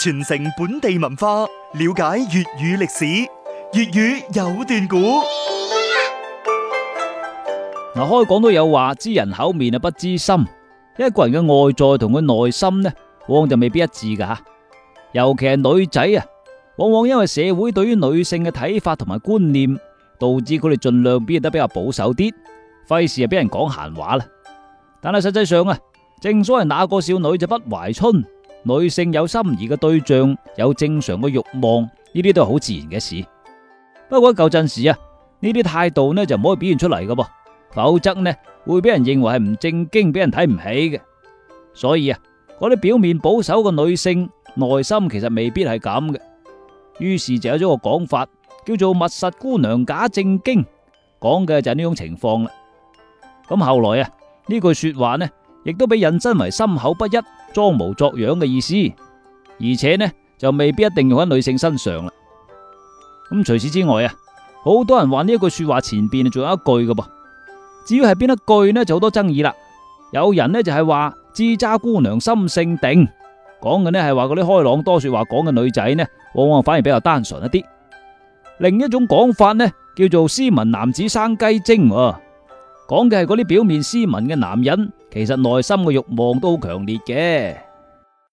傳承本地文化，了解粵語歷史，粵語有段古。嗱，開講都有話，知人口面啊，不知心。一個人嘅外在同佢內心呢，往往就未必一致噶吓。尤其係女仔啊，往往因為社會對於女性嘅睇法同埋觀念，導致佢哋盡量變得比較保守啲，費事啊俾人講閒話啦。但係實際上啊，正所謂哪個少女就不懷春。女性有心儀嘅對象，有正常嘅欲望，呢啲都係好自然嘅事。不過舊陣時啊，呢啲態度呢就唔可以表現出嚟嘅噃，否則呢會俾人認為係唔正經，俾人睇唔起嘅。所以啊，嗰啲表面保守嘅女性，內心其實未必係咁嘅。於是就有咗個講法，叫做密實姑娘假正經，講嘅就係呢種情況啦。咁後來啊，呢句說話呢，亦都被引申為心口不一。裝模作樣嘅意思，而且呢就未必一定用喺女性身上啦。咁、嗯、除此之外啊，好多人話呢一句說話前邊仲有一句嘅噃，至於係邊一句呢就好多爭議啦。有人呢就係、是、話自渣嘰喳姑娘心性定，講嘅呢係話嗰啲開朗多說話講嘅女仔呢，往往反而比較單純一啲。另一種講法呢叫做斯文男子生雞精、啊。講嘅係嗰啲表面斯文嘅男人，其實內心嘅欲望都好強烈嘅。